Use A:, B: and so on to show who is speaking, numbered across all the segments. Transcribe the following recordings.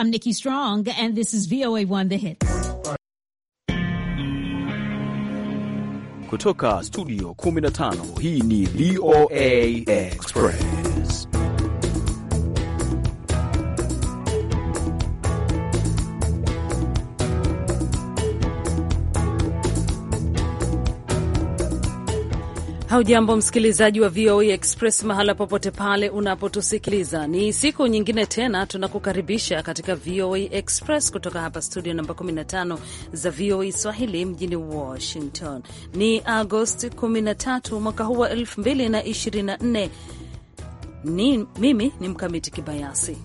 A: I'm Nikki Strong, and this is VOA 1 The Hits.
B: Kutoka studio 15 hii ni VOA Express.
A: Haujambo msikilizaji wa VOA e Express mahala popote pale unapotusikiliza, ni siku nyingine tena tunakukaribisha katika VOA e Express kutoka hapa studio namba 15 za VOA e Swahili mjini Washington. Ni Agosti 13 mwaka huu wa 2024. Ni mimi ni Mkamiti Kibayasi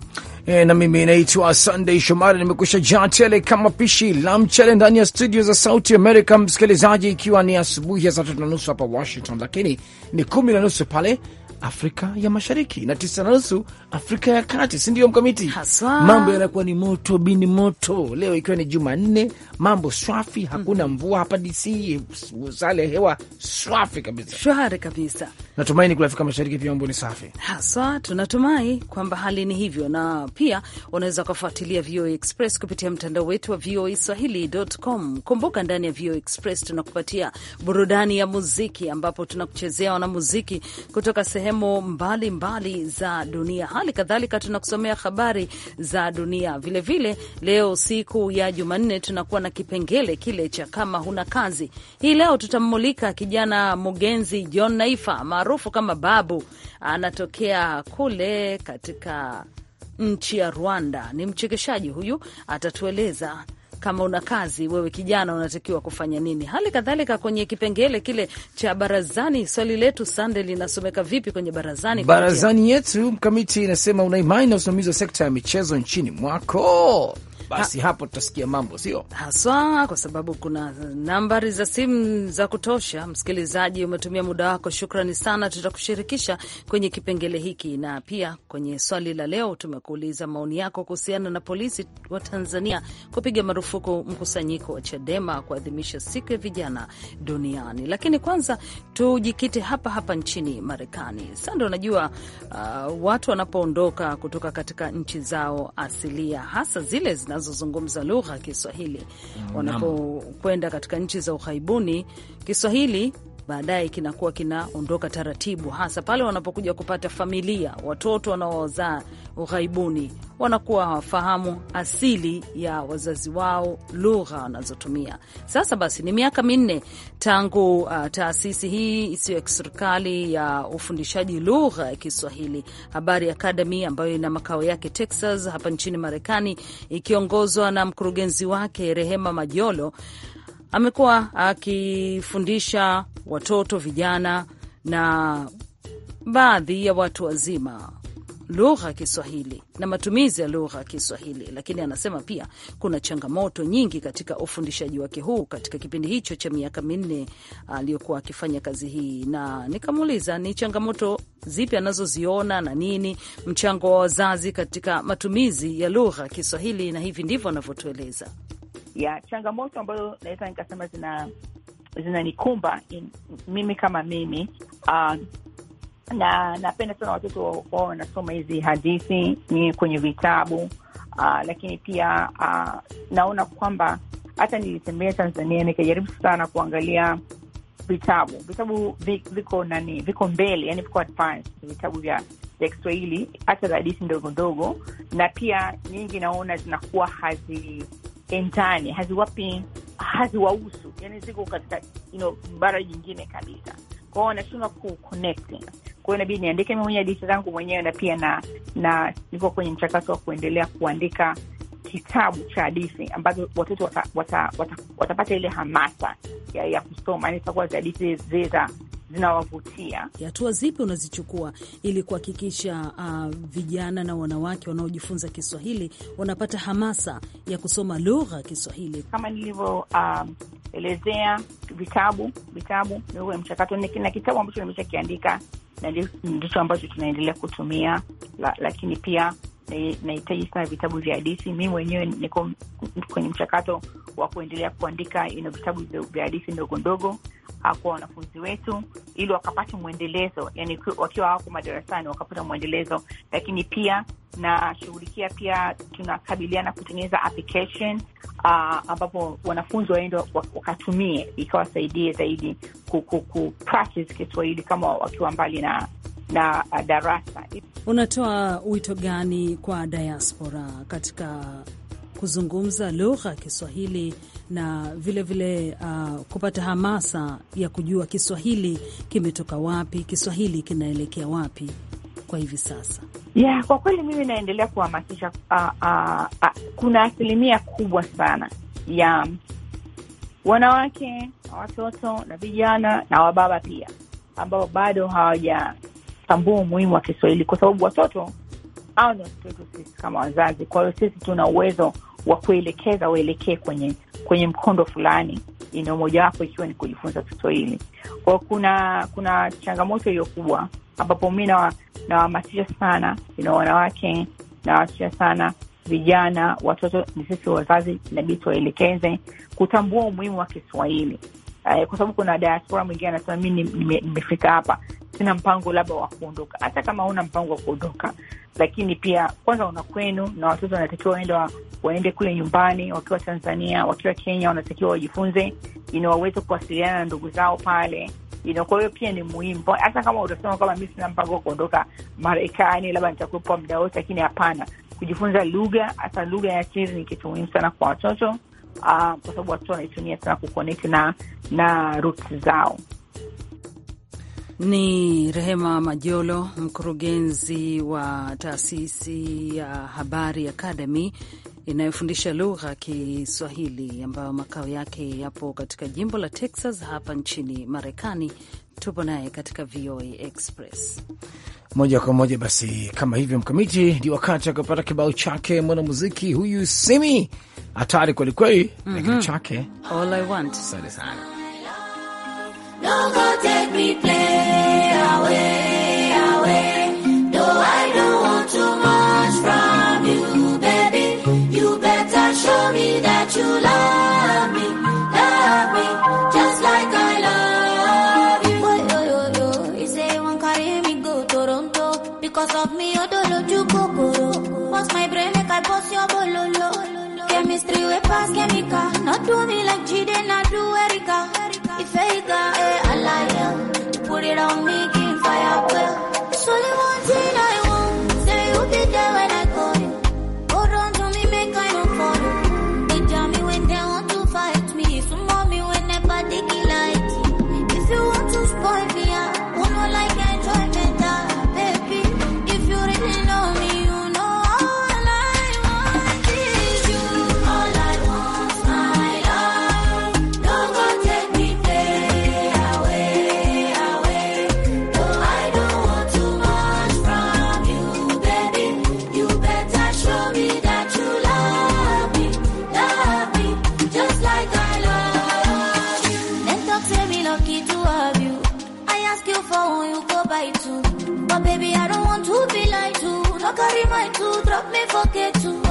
C: E, na mimi naitwa Sunday Shomari, nimekusha jaa tele kama pishi la mchele ndani ya studio za Sauti Amerika. Msikilizaji, ikiwa ni asubuhi ya saa tatu na nusu hapa Washington, lakini ni kumi na nusu pale Afrika ya Mashariki na tisa na nusu Afrika ya Kati, si ndio? Mkamiti haswa, mambo yanakuwa ni moto bini moto. Leo ikiwa ni Jumanne, mambo swafi, hakuna mm-hmm. mvua hapa
A: DC, sale hewa swafi kabisa, shwari kabisa.
C: Natumaini kule Afrika Mashariki pia mambo ni safi
A: haswa, tunatumai kwamba hali ni hivyo, na pia unaweza ukafuatilia VOA Express kupitia mtandao wetu wa VOA Swahili.com. Kumbuka ndani ya VOA Express tunakupatia burudani ya muziki, ambapo tunakuchezea wanamuziki kutoka sehemu sehemu mbalimbali mbali za dunia. Hali kadhalika tunakusomea habari za dunia vilevile vile. Leo siku ya Jumanne tunakuwa na kipengele kile cha kama huna kazi. Hii leo tutammulika kijana Mugenzi John Naifa maarufu kama Babu, anatokea kule katika nchi ya Rwanda. Ni mchekeshaji huyu, atatueleza kama una kazi wewe kijana unatakiwa kufanya nini. Hali kadhalika kwenye kipengele kile cha barazani, swali letu Sande linasomeka vipi kwenye barazani? Barazani
C: yetu mkamiti inasema, una imani na usimamizi wa sekta ya michezo nchini mwako? basi ha, hapo tutasikia mambo sio
A: haswa, kwa sababu kuna nambari za simu za kutosha. Msikilizaji, umetumia muda wako, shukrani sana. Tutakushirikisha kwenye kipengele hiki na pia kwenye swali la leo tumekuuliza maoni yako kuhusiana na polisi wa Tanzania kupiga marufuku mkusanyiko wa Chadema kuadhimisha siku ya vijana duniani. Lakini kwanza tujikite hapa hapa nchini Marekani. Sando, unajua uh, watu wanapoondoka kutoka katika nchi zao asilia hasa zile zina zinazozungumza lugha ya Kiswahili. Wanapokwenda katika nchi za ughaibuni, Kiswahili baadaye kinakuwa kinaondoka taratibu, hasa pale wanapokuja kupata familia. Watoto wanaowazaa ughaibuni wanakuwa hawafahamu asili ya wazazi wao, lugha wanazotumia. Sasa basi, ni miaka minne tangu uh, taasisi hii isiyo ya kiserikali ya ufundishaji lugha ya Kiswahili Habari Akademi ambayo ina makao yake Texas hapa nchini Marekani, ikiongozwa na mkurugenzi wake Rehema Majolo amekuwa akifundisha watoto, vijana na baadhi ya watu wazima lugha ya Kiswahili na matumizi ya lugha ya Kiswahili, lakini anasema pia kuna changamoto nyingi katika ufundishaji wake huu katika kipindi hicho cha miaka minne aliyokuwa akifanya kazi hii. Na nikamuuliza ni changamoto zipi anazoziona na nini mchango wa wazazi katika matumizi ya lugha ya
D: Kiswahili, na hivi ndivyo anavyotueleza ya changamoto ambazo naweza nikasema zina zinanikumba mimi kama mimi uh, na napenda sana watoto wao wanasoma hizi hadithi ni kwenye vitabu uh, lakini pia uh, naona kwamba hata nilitembea Tanzania nikajaribu sana kuangalia vitabu vitabu viko nani, viko mbele, yani viko advanced vitabu vya vya Kiswahili, hata za hadithi ndogo ndogo, na pia nyingi naona zinakuwa hazi ndani, haziwapi haziwahusu, yani ziko katika you know, bara jingine kabisa kwao, wanashindwa ku connecting kwa hiyo inabidi niandike mimi mwenyewe hadithi zangu mwenyewe, na pia na na niko kwenye mchakato wa kuendelea kuandika kitabu cha hadithi ambazo watoto watapata wata, wata, wata ile hamasa ya, ya kusoma, yani zitakuwa hadithi zile za zinawavutia. Hatua zipi unazichukua
A: ili kuhakikisha uh, vijana na wanawake wanaojifunza Kiswahili wanapata
D: hamasa ya kusoma lugha Kiswahili? Kama nilivyoelezea, um, uh, vitabu vitabu ni mchakato, na kitabu ambacho nimeshakiandika na ndicho ambacho tunaendelea kutumia la, lakini pia nahitaji sana vitabu vya hadithi. Mi mwenyewe niko kwenye mchakato wa kuendelea kuandika ina vitabu vya hadithi ndogo ndogo kwa wanafunzi wetu, ili wakapata mwendelezo, yani wakiwa wako madarasani wakapata mwendelezo. Lakini pia nashughulikia pia, tunakabiliana kutengeneza application uh, ambapo wanafunzi waende wakatumie, ikawasaidie zaidi ku, ku practice Kiswahili kama wakiwa mbali na na ah, darasa.
A: Unatoa wito gani kwa diaspora katika kuzungumza lugha ya Kiswahili na vilevile vile, uh, kupata hamasa ya kujua Kiswahili kimetoka wapi, Kiswahili kinaelekea wapi kwa hivi sasa?
D: Yeah, kwa kweli mimi naendelea kuhamasisha. uh, uh, uh, kuna asilimia kubwa sana ya wanawake na watoto na vijana na wababa pia ambao bado hawajatambua umuhimu wa Kiswahili, kwa sababu watoto au ni watoto wetu sisi kama wazazi. Kwa hiyo sisi tuna uwezo wa kuelekeza waelekee kwenye kwenye mkondo fulani, ino mojawapo ikiwa ni kujifunza Kiswahili. Kwa hiyo kuna kuna changamoto hiyo kubwa, ambapo mi nawahamasisha sana ino wanawake, nawahamasisha sana vijana, watoto. Ni sisi wazazi inabidi tuwaelekeze kutambua umuhimu wa Kiswahili, eh, kwa sababu kuna diaspora mwingine anasema mi nimefika hapa, sina mpango labda wa kuondoka. Hata kama una mpango wa kuondoka, lakini pia kwanza una kwenu na watoto wanatakiwa waende wa, waende kule nyumbani, wakiwa Tanzania, wakiwa Kenya, wanatakiwa wajifunze ina waweze kuwasiliana na ndugu zao pale ina. Kwa hiyo pia ni muhimu, hata kama utasema kama mi sina mpango wa kuondoka Marekani, labda nitakuwepo muda wote, lakini hapana, kujifunza lugha, hata lugha ya asili ni kitu muhimu sana kwa watoto uh, kwa sababu watoto wanaitumia sana kuconnect na na roots zao. Ni Rehema Majolo,
A: mkurugenzi wa taasisi ya Habari Academy inayofundisha lugha ya Kiswahili ambayo makao yake yapo katika jimbo la Texas hapa nchini Marekani. Tupo naye katika VOA Express
C: moja kwa moja. Basi kama hivyo, Mkamiti, ndio wakati akapata kibao chake mwanamuziki huyu Simi hatari kwelikweli, mm -hmm. lakini mm-hmm. chake
A: All I Want.
E: I I don't don't do me like like Erica, Erica, eh. put it on me carry my two, drop me for get two.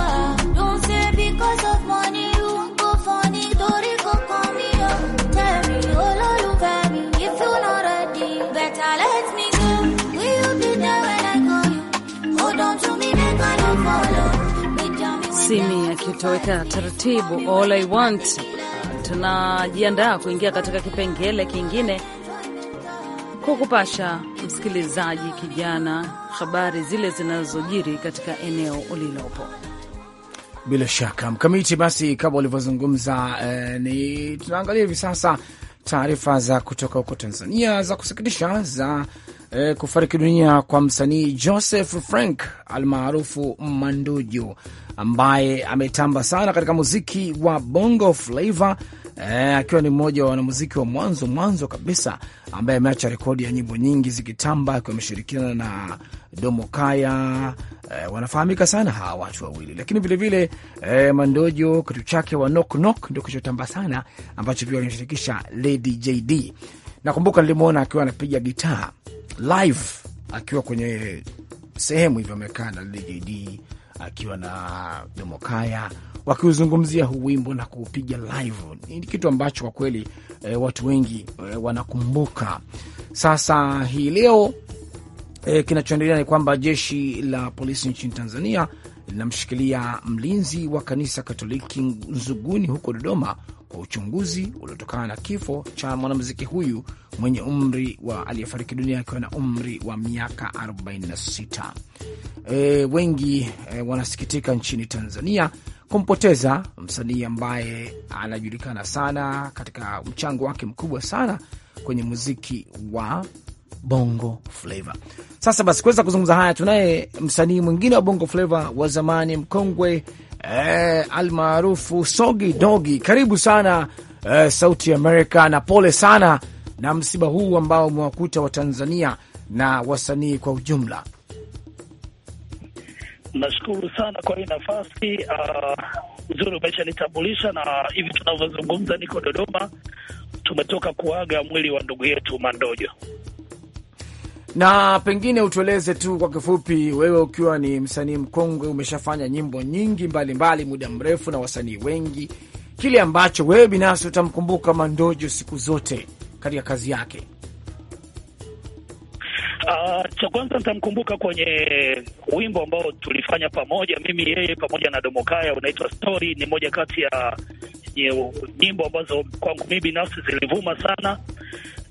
E: Don't say because of money you won't go funny. Don't go call me up. Tell me, oh Lord, you got me. If you're not ready, better let me go. Will you be there when I call you? Hold on to me, make I don't follow.
A: Simi akitoweka taratibu, all I want. Tunajiandaa kuingia katika kipengele kingine kukupasha msikilizaji kijana, habari zile zinazojiri katika eneo ulilopo.
C: Bila shaka Mkamiti, basi kama ulivyozungumza eh, ni tunaangalia hivi sasa taarifa za kutoka huko Tanzania za kusikitisha za eh, kufariki dunia kwa msanii Joseph Frank almaarufu Manduju ambaye ametamba sana katika muziki wa Bongo Flava eh, akiwa ni mmoja wa wanamuziki wa mwanzo mwanzo kabisa ambaye ameacha rekodi ya nyimbo nyingi zikitamba, akiwa ameshirikiana na Domo Kaya. Eh, wanafahamika sana hawa watu wawili, lakini vilevile eh, Mandojo kitu chake wa Knock Knock ndio kichotamba sana, ambacho pia wanashirikisha Lady JD. Nakumbuka nilimwona akiwa anapiga gitaa live akiwa kwenye sehemu hivyo amekaa na Lady JD akiwa na Domokaya wakiuzungumzia huu wimbo na kuupiga live. Ni kitu ambacho kwa kweli e, watu wengi e, wanakumbuka. Sasa hii leo e, kinachoendelea ni kwamba jeshi la polisi nchini Tanzania linamshikilia mlinzi wa kanisa Katoliki Nzuguni huko Dodoma kwa uchunguzi uliotokana na kifo cha mwanamuziki huyu mwenye umri wa aliyefariki dunia akiwa na umri wa miaka 46. E, wengi e, wanasikitika nchini Tanzania kumpoteza msanii ambaye anajulikana sana katika mchango wake mkubwa sana kwenye muziki wa Bongo Flava. Sasa basi, kuweza kuzungumza haya, tunaye msanii mwingine wa Bongo Flava wa zamani, mkongwe eh, almaarufu Sogi Dogi. Karibu sana eh, Sauti america na pole sana na msiba huu ambao umewakuta Watanzania na wasanii kwa ujumla.
F: Nashukuru sana kwa hii nafasi nzuri. Ah, uh, umeshanitambulisha na hivi tunavyozungumza niko Dodoma, tumetoka kuaga mwili wa ndugu yetu Mandojo.
C: Na pengine utueleze tu kwa kifupi, wewe ukiwa ni msanii mkongwe, umeshafanya nyimbo nyingi mbalimbali muda mrefu na wasanii wengi, kile ambacho wewe binafsi utamkumbuka Mandojo siku zote katika kazi yake?
F: Uh, cha kwanza nitamkumbuka kwenye wimbo ambao tulifanya pamoja mimi yeye pamoja na Domokaya unaitwa Story. Ni moja kati ya nyimbo ambazo kwangu mimi binafsi zilivuma sana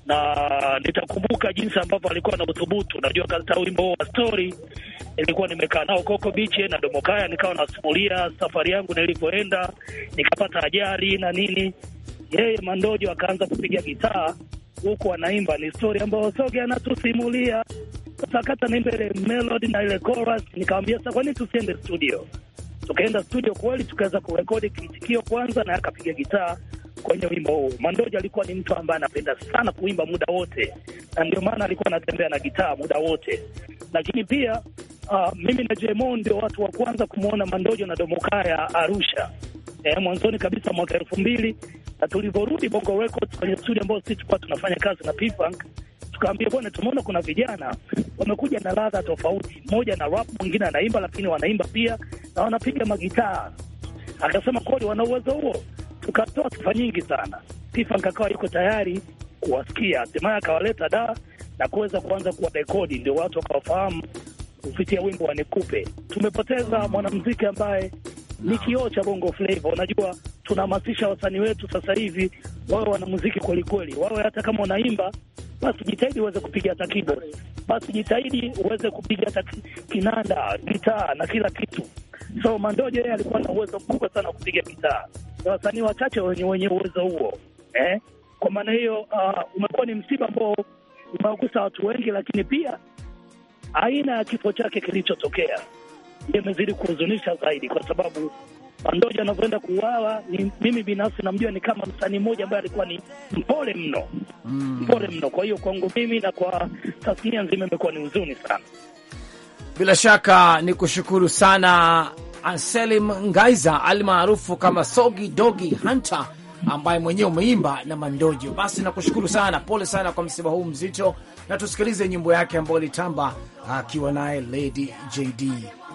F: na nitakumbuka jinsi ambavyo alikuwa na uthubutu. Najua katika wimbo wa stori nilikuwa nimekaa nao Koko Biche na Domokaya, nikawa nasimulia safari yangu nilivyoenda, nikapata ajali na nini. Yeye Mandojo akaanza kupiga gitaa huku anaimba, ni stori ambayo Soge anatusimulia. Sasa kata naimba ile melody na ile chorus, nikamwambia sasa, kwani tusiende studio? Tukaenda studio kweli, tukaweza kurekodi kiitikio kwanza, na akapiga gitaa kwenye wimbo huu. Mandoja alikuwa ni mtu ambaye anapenda sana kuimba muda wote, na ndio maana alikuwa anatembea na gitaa muda wote. Lakini pia uh, mimi na Jemo ndio watu wa kwanza kumwona Mandoja na Domokaya Arusha, eh, mwanzoni kabisa mwaka elfu mbili na tulivyorudi Bongo Records kwenye studio ambayo sisi tulikuwa tunafanya kazi na P-Funk, tukaambia bwana, tumeona kuna vijana wamekuja na ladha tofauti, mmoja na rap, mwingine anaimba, lakini wanaimba pia na wanapiga magitaa. Akasema kweli wana uwezo huo, tukatoa sifa nyingi sana. FIFA nkakawa yuko tayari kuwasikia, hatimaye akawaleta da na kuweza kuanza kuwa rekodi, ndio watu wakawafahamu kupitia wimbo wa Nikupe. Tumepoteza mwanamziki ambaye ni kioo cha bongo flava. Unajua, tunahamasisha wasanii wetu sasa hivi wawe wanamuziki kwelikweli, wawe hata kama wanaimba basi jitahidi uweze kupiga hata keyboard, basi jitahidi uweze kupiga hata kinanda, gitaa na kila kitu. So Mandojo yeye alikuwa na uwezo mkubwa sana wa kupiga gitaa, na wasanii wachache wenye uwezo huo eh? Kwa maana hiyo uh, umekuwa ni msiba ambao umewagusa watu wengi, lakini pia aina ya kifo chake kilichotokea imezidi kuhuzunisha zaidi, kwa sababu mandoja anavyoenda kuuawa, mimi binafsi namjua ni kama msanii mmoja ambaye alikuwa ni mpole mno, mm. mpole mno. Kwa hiyo kwangu mimi na kwa tasnia nzima imekuwa ni huzuni sana.
C: Bila shaka ni kushukuru sana Anselim Ngaiza almaarufu kama Sogi Dogi Hunter ambaye mwenyewe umeimba na Mandojo. Basi nakushukuru sana, pole sana kwa msiba huu mzito, na tusikilize nyimbo yake ambayo ilitamba akiwa naye Lady JD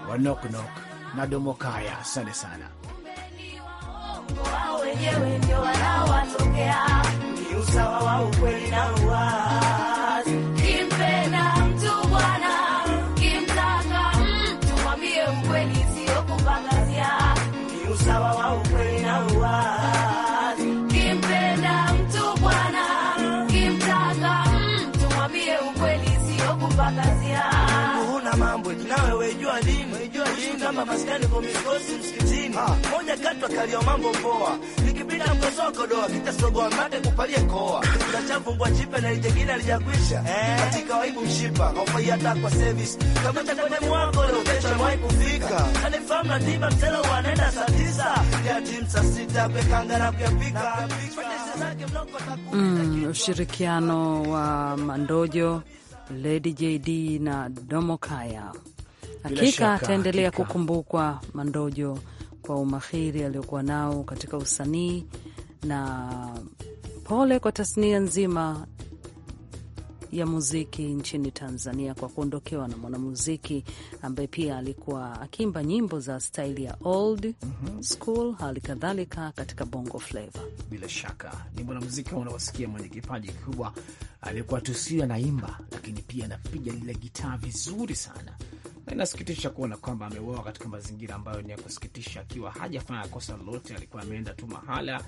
C: wa Knock Knock na Domokaya. Asante sana.
F: kama maskani kwa mikosi msikitini moja katu akalio mambo poa nikipita soko doa kitasogoa mate kupalie koa chafu mbwa chipe na ijengine alijakwisha eh. katika waibu mshipa ofai hata kwa service kama cha demu wako leo kesho mwai kufika kanifahamu na tiba mtelo wanenda saa tisa ya timu saa sita kwekanga na kuyapika
E: Mm,
A: ushirikiano wa Mandojo, Lady JD na Domokaya Hakika ataendelea kukumbukwa Mandojo kwa umahiri aliyokuwa nao katika usanii, na pole kwa tasnia nzima ya muziki nchini Tanzania kwa kuondokewa na mwanamuziki ambaye pia alikuwa akiimba nyimbo za staili ya old mm -hmm. school, hali kadhalika katika bongo flava.
C: Bila shaka ni mwanamuziki unaosikia mwenye kipaji kikubwa, aliyekuwa tusio anaimba, lakini pia anapiga lile gitaa vizuri sana inasikitisha kuona kwamba ameuawa katika mazingira ambayo ni ya kusikitisha, akiwa hajafanya kosa lolote. Alikuwa ameenda tu mahala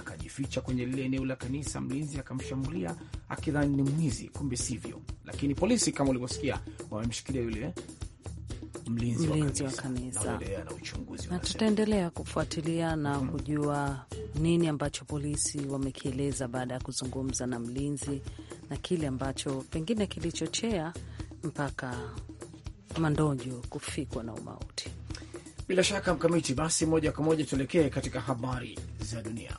C: akajificha kwenye lile eneo la kanisa, mlinzi akamshambulia akidhani ni mwizi, kumbe sivyo. Lakini polisi kama ulivyosikia, wamemshikilia yule mlinzi wa kanisa
A: na tutaendelea kufuatilia na hmm, kujua nini ambacho polisi wamekieleza baada ya kuzungumza na mlinzi na kile ambacho pengine kilichochea mpaka mandojo kufikwa na umauti.
C: Bila shaka Mkamiti,
A: basi moja kwa
C: moja tuelekee katika habari za dunia.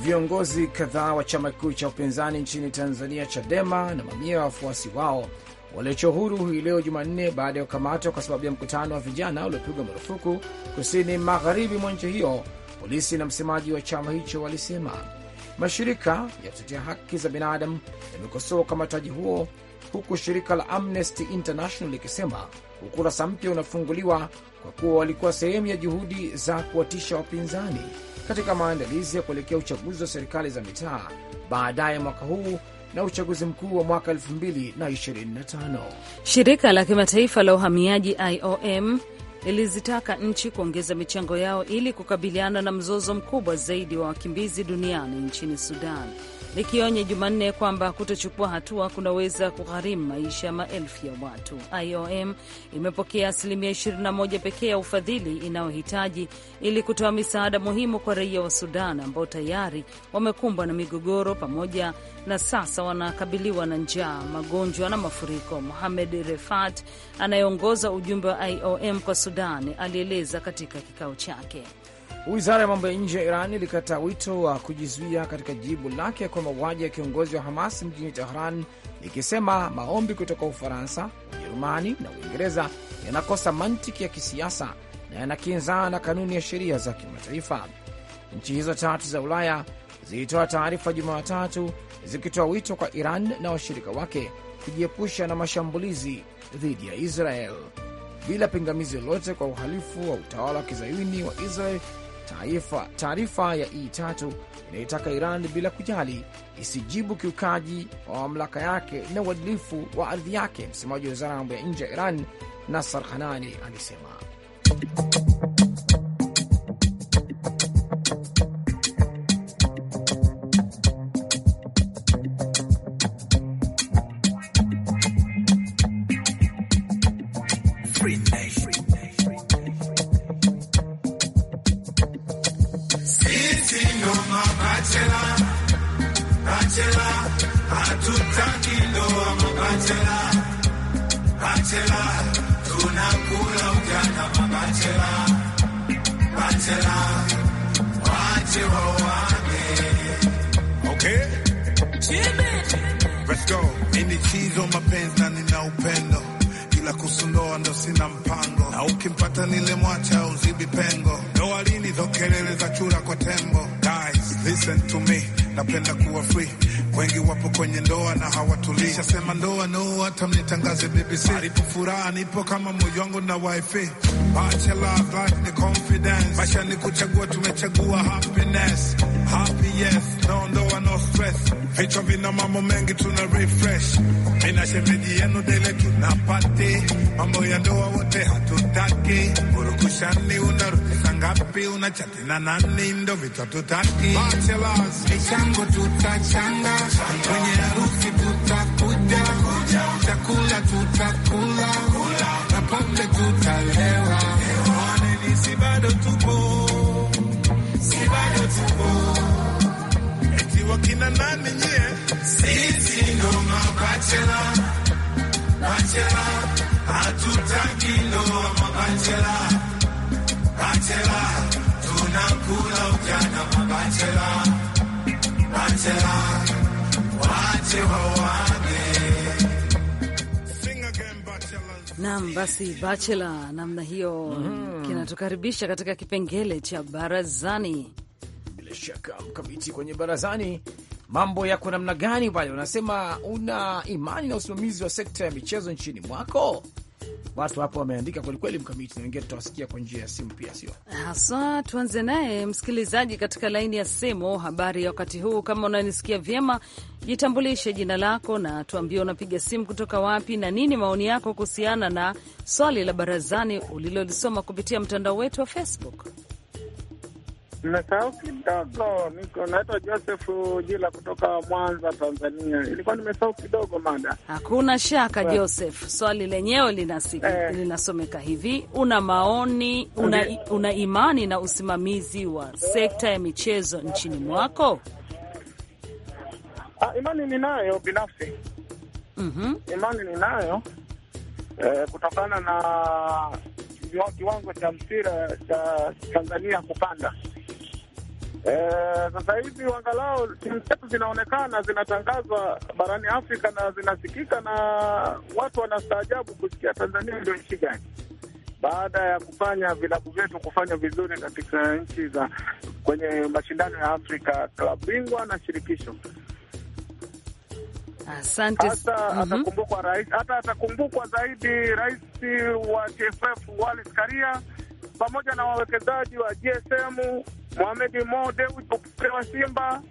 C: Viongozi kadhaa wa chama kikuu cha upinzani nchini Tanzania, Chadema, na mamia ya wafuasi wao waliochiwa huru hii leo Jumanne baada ya kukamatwa kwa sababu ya mkutano wa vijana uliopigwa marufuku kusini magharibi mwa nchi hiyo Polisi na msemaji wa chama hicho walisema. Mashirika ya kutetea haki za binadamu yamekosoa ukamataji huo, huku shirika la Amnesty International likisema ukurasa mpya unafunguliwa kwa kuwa walikuwa sehemu ya juhudi za kuwatisha wapinzani katika maandalizi ya kuelekea uchaguzi wa serikali za mitaa baadaye mwaka huu na uchaguzi mkuu wa mwaka 2025.
A: Shirika la kimataifa la uhamiaji IOM ilizitaka nchi kuongeza michango yao ili kukabiliana na mzozo mkubwa zaidi wa wakimbizi duniani nchini Sudan likionya Jumanne kwamba kutochukua hatua kunaweza kugharimu maisha ya maelfu ya watu. IOM imepokea asilimia 21 pekee ya ufadhili inayohitaji ili kutoa misaada muhimu kwa raia wa Sudan ambao tayari wamekumbwa na migogoro pamoja na sasa wanakabiliwa na njaa, magonjwa na mafuriko. Mohamed Refat anayeongoza ujumbe wa IOM kwa Sudan alieleza katika kikao chake. Wizara
C: ya mambo ya nje ya Iran ilikataa wito wa kujizuia katika jibu lake kwa mauaji ya kiongozi wa Hamas mjini Tehran, ikisema maombi kutoka Ufaransa, Ujerumani na Uingereza yanakosa mantiki ya kisiasa na yanakinzana na kanuni ya sheria za kimataifa. Nchi hizo tatu za Ulaya zilitoa taarifa Jumatatu zikitoa wito kwa Iran na washirika wake kujiepusha na mashambulizi dhidi ya Israel bila pingamizi lolote kwa uhalifu wa utawala wa kizayuni wa Israel taarifa ya E3 inayotaka Iran bila kujali isijibu kiukaji wa mamlaka yake na uadilifu wa ardhi yake. Msemaji wa wizara ya mambo ya nje ya Iran Nasar Khanani alisema
G: free, mabachela, achela, hatutaki ndoa mabachela, achela, tunakula ujana mabachela, bachela,
E: wache wawane. Okay?
G: Let's go. Ini chizo mapenzi na nina upendo ila kusundoa ndo sina mpango na ukimpata nile mwacha uzibi pengo ndoa lini, zo za chura kwa tembo Listen to me, napenda kuwa free. Wengi wapo kwenye ndoa na hawatulii. Shasema ndoa no, hata mnitangaze BBC. Alipo furaha nipo kama moyo wangu na wifi. Bachelor of life ni confidence. Maisha ni kuchagua, tumechagua happiness. Happy yes, no ndoa no stress. Vichwa vina mambo mengi tuna refresh. Mina shemeji yenu dele tuna Mambo ya ndoa wote hatutaki. Urukushani unaru ngapi? Una chati nani? Ndo vita tutaki, tutachanga, kwenye harusi tutakuja, chakula tutakula, na pombe tutalewa. Mwaneni, si bado tupo, si bado tupo, eti wakina nani nyie? Sisi ndo mabachela, bachela hatutaki, ndo mabachela Bachela, tunakula
E: ujana wa bachela. Bachela,
G: wache wawane
A: Nam basi, bachela namna hiyo mm, kinatukaribisha katika kipengele cha barazani. Bila shaka mkamiti kwenye barazani, mambo yako namna gani pale?
C: Unasema una imani na usimamizi wa sekta ya michezo nchini mwako? Watu hapo wameandika kwelikweli, Mkamiti, na wengine tutawasikia kwa njia ya simu pia, sio
A: haswa. Tuanze naye msikilizaji katika laini ya simu. Habari ya wakati huu, kama unanisikia vyema, jitambulishe jina lako na tuambie unapiga simu kutoka wapi na nini maoni yako kuhusiana na swali la barazani ulilolisoma kupitia mtandao wetu wa Facebook.
H: Nimesahau kidogo, niko naitwa Joseph Jila kutoka Mwanza, Tanzania. Ilikuwa nimesahau kidogo mada. Hakuna
A: shaka well, Joseph, swali lenyewe linasika, eh, linasomeka hivi: una maoni una, una imani na usimamizi wa sekta ya michezo nchini mwako? Ah, imani ninayo binafsi. mm
H: -hmm. Imani ninayo eh, kutokana na kiwango cha mpira cha Tanzania kupanda Eh, sasa hivi wangalau timu zetu zinaonekana zinatangazwa barani Afrika na zinasikika, na watu wanastaajabu kusikia Tanzania ndio nchi gani, baada ya kufanya vilabu vyetu kufanya vizuri katika nchi za kwenye mashindano ya Afrika klabu bingwa na shirikisho. Asante. Hata mhm. atakumbukwa mm -hmm. Rais hata atakumbukwa zaidi rais wa TFF Wallace Karia pamoja na wawekezaji wa GSM Mohamed Mo Dewji upande wa Simba,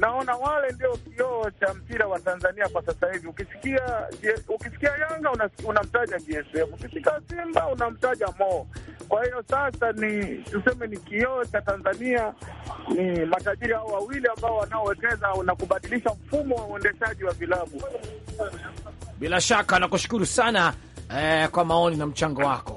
H: naona wale ndio kioo cha mpira wa Tanzania kwa sasa hivi. Ukisikia ukisikia Yanga unamtaja GSM, ukisikia Simba unamtaja Mo. Kwa hiyo sasa ni tuseme ni kioo cha Tanzania, ni matajiri hao wawili ambao wanaowekeza na kubadilisha mfumo wa uendeshaji wa vilabu.
C: Bila shaka nakushukuru sana eh, kwa maoni na mchango wako.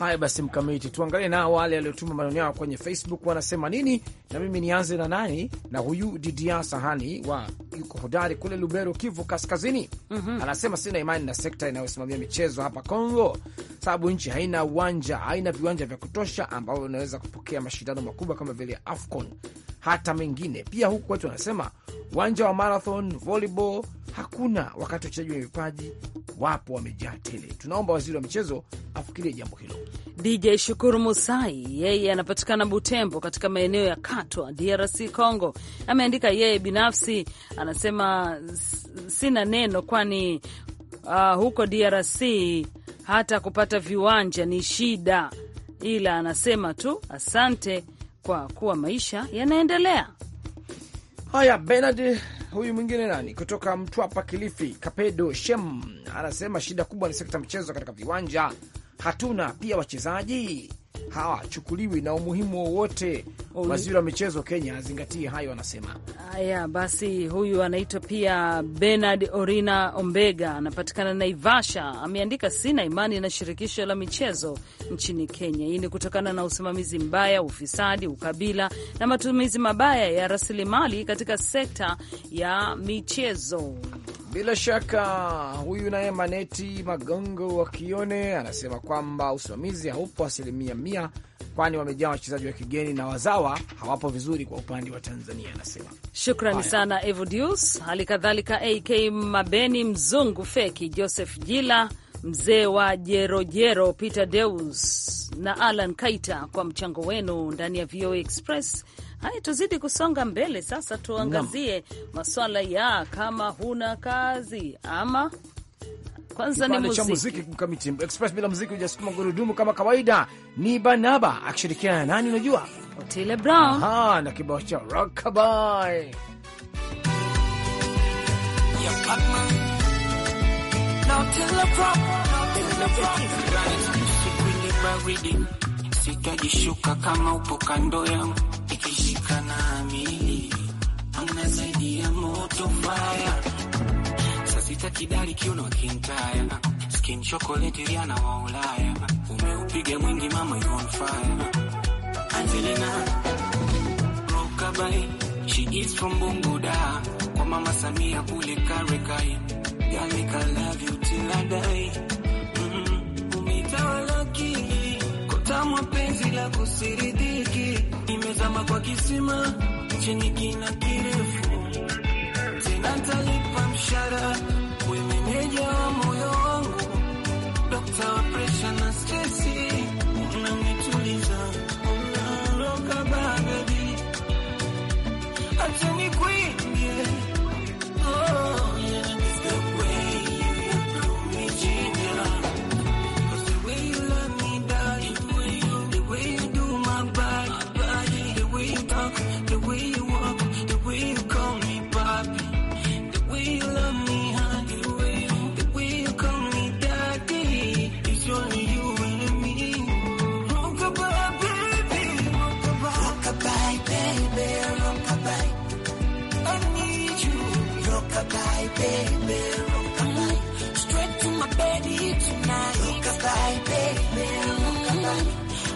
C: Haya basi, Mkamiti, tuangalie nao wale waliotuma maneno yao kwenye Facebook wanasema nini, na mimi nianze na nani, na huyu Didia Sahani wa yuko hodari kule Lubero, Kivu Kaskazini. -hmm. Anasema sina imani na sekta inayosimamia michezo hapa congo sababu nchi haina uwanja, haina viwanja vya kutosha ambavyo inaweza kupokea mashindano makubwa kama vile AFCON hata mengine. Pia huku kwetu wanasema uwanja wa marathon, volleyball hakuna, wakati wachezaji wenye vipaji wapo wamejaa tele. Tunaomba waziri wa michezo afikirie jambo hilo.
A: DJ Shukuru Musai yeye anapatikana Butembo katika maeneo ya Katwa, DRC Congo. Ameandika yeye binafsi, anasema sina neno, kwani uh, huko DRC hata kupata viwanja ni shida, ila anasema tu asante kwa kuwa maisha yanaendelea. Haya, Benard huyu mwingine nani
C: kutoka Mtwapa, Kilifi, Kapedo Shem anasema shida kubwa ni sekta mchezo katika viwanja hatuna pia wachezaji hawachukuliwi na umuhimu wowote. Waziri wa michezo Kenya azingatie hayo, anasema
A: haya. Basi huyu anaitwa pia Bernard Orina Ombega, anapatikana Naivasha, ameandika sina imani na shirikisho la michezo nchini Kenya. Hii ni kutokana na usimamizi mbaya, ufisadi, ukabila na matumizi mabaya ya rasilimali katika sekta ya michezo.
C: Bila shaka huyu naye Maneti Magongo wa Kione anasema kwamba usimamizi haupo asilimia mia, kwani wamejaa wachezaji wa kigeni na wazawa hawapo vizuri kwa upande wa Tanzania, anasema.
A: Shukrani sana Evodius, hali kadhalika AK Mabeni, Mzungu Feki, Joseph Jila, mzee wa Jerojero, Peter Deus na Alan Kaita kwa mchango wenu ndani ya VOA Express Haya, tuzidi kusonga mbele sasa, tuangazie masuala ya kama huna kazi ama kwanza ni muziki. Cha muziki
C: mkamiti express bila muziki hujasukuma gurudumu kama kawaida. Ni Banaba akishirikiana na nani? Unajua Otile Brown. Aha, na kibao cha Rockabye
E: sitajishuka kama upo kando yangu
B: moto fire. sasita kidali kiuno kintaya. Skin chocolate riana wa Ulaya. Umeupiga mwingi mama you on fire. Angelina
E: Rokabai, she is from Bunguda. Kwa mama Samia kule Karekai. Yannick, I love you till I die. Mm la kusiridiki. Nimezama kwa kisima chini kina kirefu and to leave from shadow.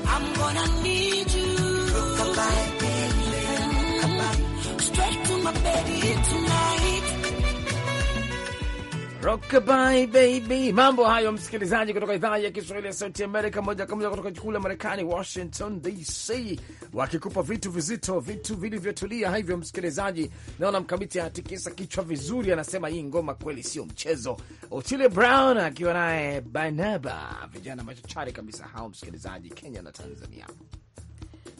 E: I'm gonna need
C: Rockabye baby, mambo hayo msikilizaji, kutoka idhaa ya Kiswahili ya Sauti Amerika, moja kwa moja kutoka jikuu la Marekani, Washington DC, wakikupa vitu vizito, vitu vilivyotulia hivyo. Msikilizaji, naona mkamiti anatikisa kichwa vizuri, anasema hii ngoma kweli sio mchezo. Otile Brown akiwa naye Banaba, vijana
A: machachari kabisa hao, msikilizaji, Kenya na Tanzania.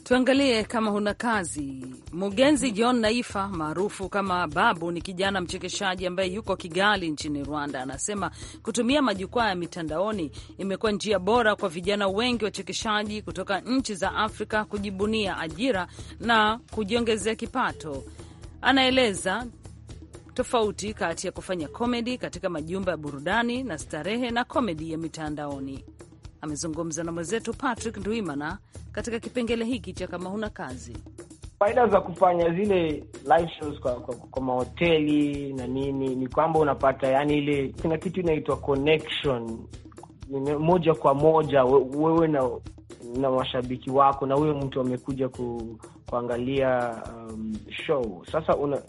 A: Tuangalie kama huna kazi. Mugenzi John Naifa maarufu kama Babu ni kijana mchekeshaji ambaye yuko Kigali nchini Rwanda. Anasema kutumia majukwaa ya mitandaoni imekuwa njia bora kwa vijana wengi wachekeshaji kutoka nchi za Afrika kujibunia ajira na kujiongezea kipato. Anaeleza tofauti kati ya kufanya komedi katika majumba ya burudani na starehe na komedi ya mitandaoni amezungumza na mwenzetu Patrick Ndwimana katika kipengele hiki cha kama huna kazi.
B: Faida za kufanya zile live shows kwa, kwa, kwa mahoteli na nini ni kwamba unapata yani ile kuna kitu inaitwa connection moja kwa moja wewe na na washabiki wako na huyo mtu amekuja ku, kuangalia um, show. Sasa una,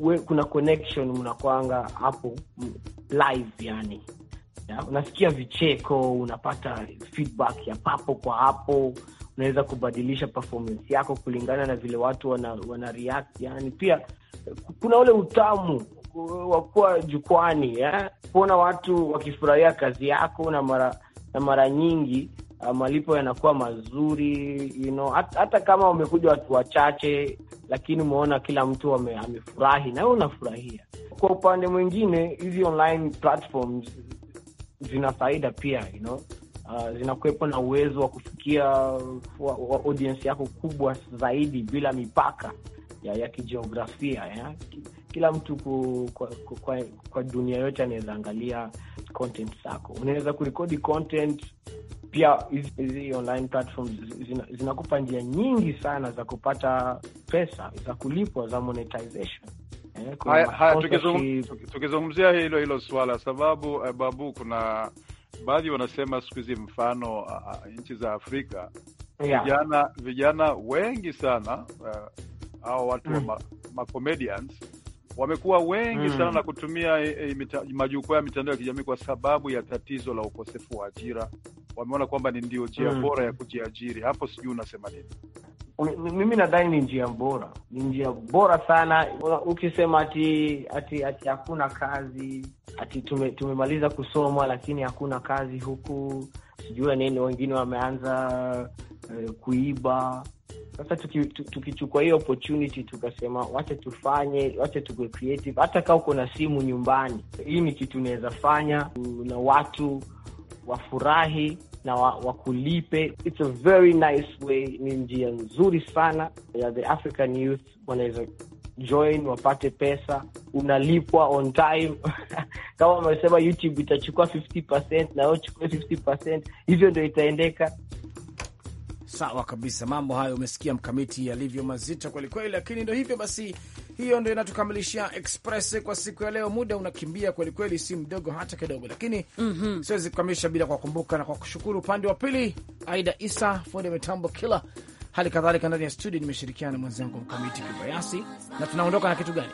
B: we, kuna connection mnakwanga hapo live yani unasikia vicheko, unapata feedback ya papo kwa hapo, unaweza kubadilisha performance yako kulingana na vile watu wana, wana react. Yani pia kuna ule utamu wa kuwa jukwani eh, kuona watu wakifurahia kazi yako, na mara na mara nyingi uh, malipo yanakuwa mazuri you know, hata, kama wamekuja watu wachache, lakini umeona kila mtu amefurahi, nawe unafurahia. Kwa upande mwingine, hizi online platforms zina faida pia you know? Uh, zinakuwepo na uwezo wa kufikia wa audience yako kubwa zaidi bila mipaka ya, ya kijiografia ya? Kila mtu ku, kwa, kwa, kwa dunia yote anaweza angalia content zako. Unaweza kurekodi content pia. Hizi online platforms zinakupa zina njia nyingi sana za kupata pesa za kulipwa za monetization. Eh, haya,
G: tukizungumzia hilo hilo swala sababu eh, babu kuna baadhi wanasema siku hizi mfano uh, nchi za Afrika
H: yeah. Vijana
G: vijana wengi sana uh, eh, au watu mm. ma, ma comedians wamekuwa wengi mm. sana na kutumia e, e, majukwaa ya mitandao ya kijamii kwa sababu ya tatizo la ukosefu wa ajira. Wameona kwamba ni ndio njia mm. bora ya kujiajiri. Hapo sijui unasema nini?
B: mimi nadhani ni njia bora, ni njia bora sana. Ukisema ati ati ati hakuna kazi, ati tume, tumemaliza kusoma lakini hakuna kazi huku, sijui nini, wengine wameanza eh, kuiba sasa tukichukua hiyo opportunity tukasema, wacha tufanye, wacha tukue creative. Hata kaa uko na simu nyumbani, hii ni kitu unaweza fanya na watu wafurahi, na wakulipe. It's a very nice way, ni njia nzuri sana ya the African youth wanaweza join wapate pesa, unalipwa on time kama wamesema YouTube itachukua 50% na wewe uchukue 50%, hivyo ndio itaendeka. Sawa kabisa, mambo hayo umesikia mkamiti yalivyo
C: mazito kwelikweli, lakini ndo hivyo basi, hiyo ndo inatukamilisha Express kwa siku ya leo. Muda unakimbia kwelikweli, si mdogo hata kidogo, lakini mm -hmm. siwezi kukamilisha bila kuwakumbuka na kwa kushukuru upande wa pili, Aida Isa fundi mitambo kila hali kadhalika, ndani ya studio nimeshirikiana na mwenzangu mkamiti Kibayasi, na tunaondoka na kitu gani?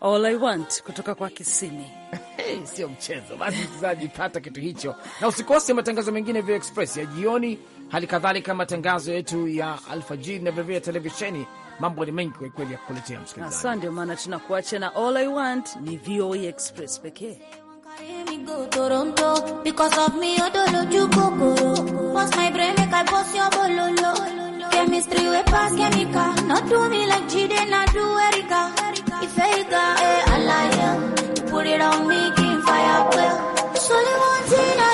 C: All I want kutoka kwa Kisini. Hey, sio mchezo. Basi msikilizaji, pata kitu hicho na usikose matangazo mengine vya Express ya jioni, hali kadhalika matangazo yetu ya alfajiri na vilevile televisheni.
A: Mambo ni mengi kwelikweli ya kukuletea msikilizaji. Sasa ndio maana tunakuacha na All I Want ni VOA Express pekee.
E: fire will. surely one's in